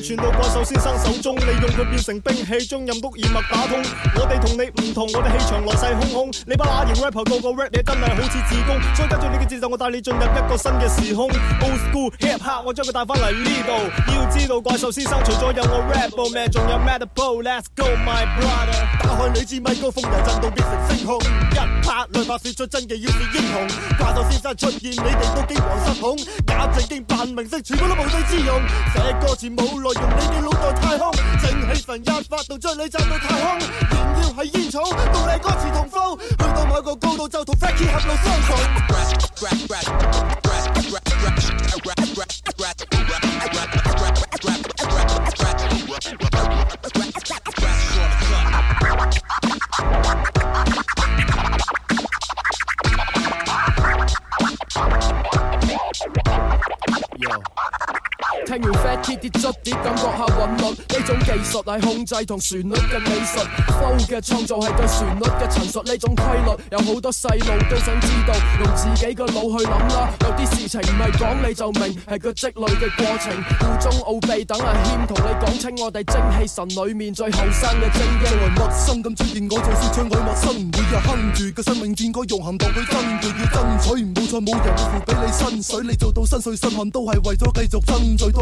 傳到怪獸先生手中，你用佢變成兵器中，將任督二脈打通。我哋同你唔同，我哋氣場來勢洶洶。你把乸型 rap 個個 rap，你真係好似自宮。所以跟住你嘅節奏，我帶你進入一個新嘅時空。Old school hip hop，我將佢帶翻嚟呢度。要知道怪獸先生除咗有我 rap 咩，仲有 Mad Boy let's go my brother！打開你支 microphone，由震動變成星空。一拍兩拍說出真嘅，要做英雄。怪獸先生出現，你哋都驚惶失恐。假正經扮明星，全部都無地自容。寫歌詞冇。來用你嘅腦袋太空，正氣氛一發動將你炸到太空。燃料係煙草，獨你歌詞同 flow，去到某個高度就同 Freaky 合路相逢。聽完 Fat Kid 跌捽感覺下韻律。呢種技術係控制同旋律嘅藝術。Flow 嘅創造係對旋律嘅陳述。呢種規律有好多細路都想知道，用自己嘅腦去諗啦、啊。有啲事情唔係講你就明，係個積累嘅過程。故中奧秘等阿謙同你講清，我哋精氣神裏面最後生嘅精英。你為陌生咁出現，我就是唱給陌生。每日哼住嘅生命應該用行動去爭，要爭取。唔好再冇人會俾你薪水，你做到身水身汗都係為咗繼續爭取。